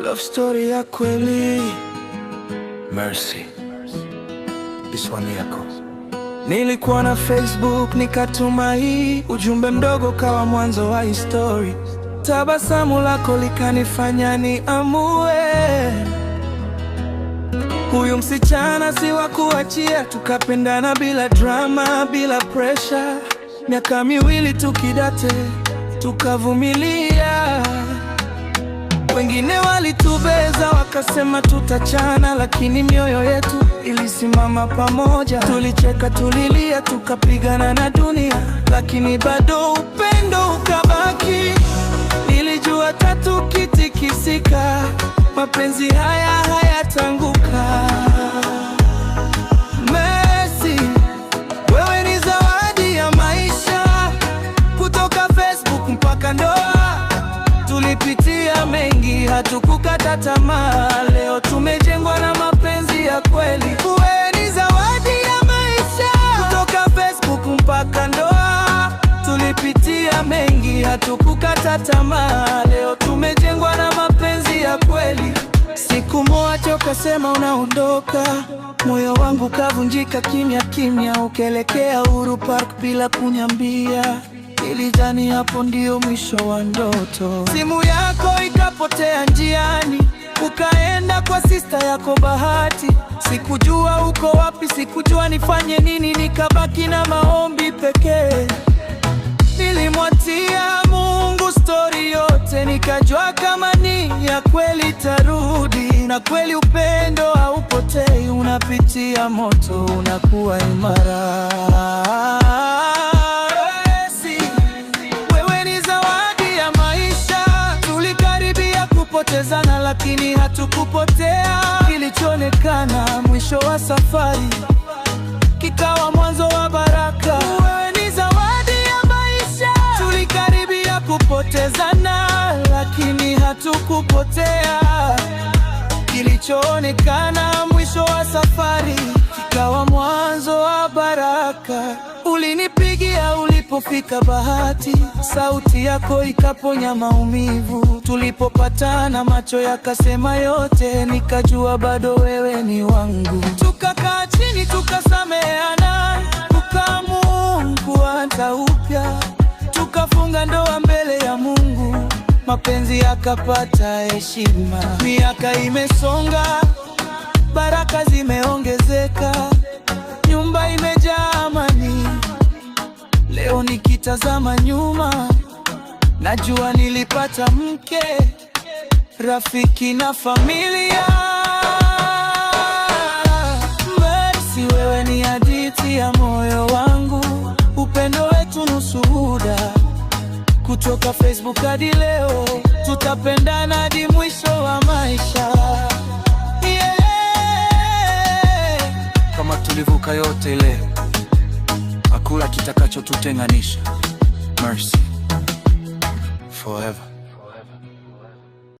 Love story ya kweli Mercy, this one yako. Nilikuwa na Facebook nikatuma hii ujumbe mdogo, kawa mwanzo wa histori. Tabasamu lako likanifanya niamue, huyu msichana si wa kuachia. Tukapendana bila drama, bila pressure, miaka miwili tukidate tukavumilia. Wengine walitubeza wakasema tutachana, lakini mioyo yetu ilisimama pamoja. Tulicheka, tulilia, tukapigana na dunia, lakini bado upendo ukabaki. Nilijua tatukitikisika, mapenzi haya hatukukata tamaa, leo tumejengwa na mapenzi ya kweli. Uwe ni zawadi ya maisha, kutoka Facebook mpaka ndoa, tulipitia mengi, hatukukata tamaa, leo tumejengwa na mapenzi ya kweli. Siku moja ukasema unaondoka, moyo wangu kavunjika kimya kimya, ukaelekea Uhuru Park bila kunyambia. Nilidhani hapo ndio mwisho wa ndoto. Simu yako ikapotea njiani, ukaenda kwa sista yako Bahati. Sikujua uko wapi, sikujua nifanye nini, nikabaki na maombi pekee. Nilimwatia Mungu stori yote, nikajua kama ni ya kweli tarudi. Na kweli upendo haupotei, unapitia moto, unakuwa imara. Tulipotezana lakini hatukupotea. Kilichoonekana mwisho wa safari kikawa mwanzo wa baraka. Wewe ni zawadi ya maisha. Tulikaribia kupotezana lakini hatukupotea. Kilichoonekana mwisho wa safari kikawa mwanzo wa baraka. Ulini Ilipofika bahati, sauti yako ikaponya maumivu. Tulipopatana, macho yakasema yote, nikajua bado wewe ni wangu. Tukakaa chini, tukasameana, tukaamua kuanza upya, tukafunga ndoa mbele ya Mungu, mapenzi yakapata heshima. Miaka imesonga, baraka zimeonga Nikitazama nyuma, najua nilipata mke, rafiki na familia. Mercy, wewe ni hadithi ya moyo wangu, upendo wetu nusuhuda Kutoka Facebook hadi leo, tutapendana hadi mwisho wa maisha. Yeah. Kama tulivuka yote leo chakula kitakachotutenganisha. Mercy forever.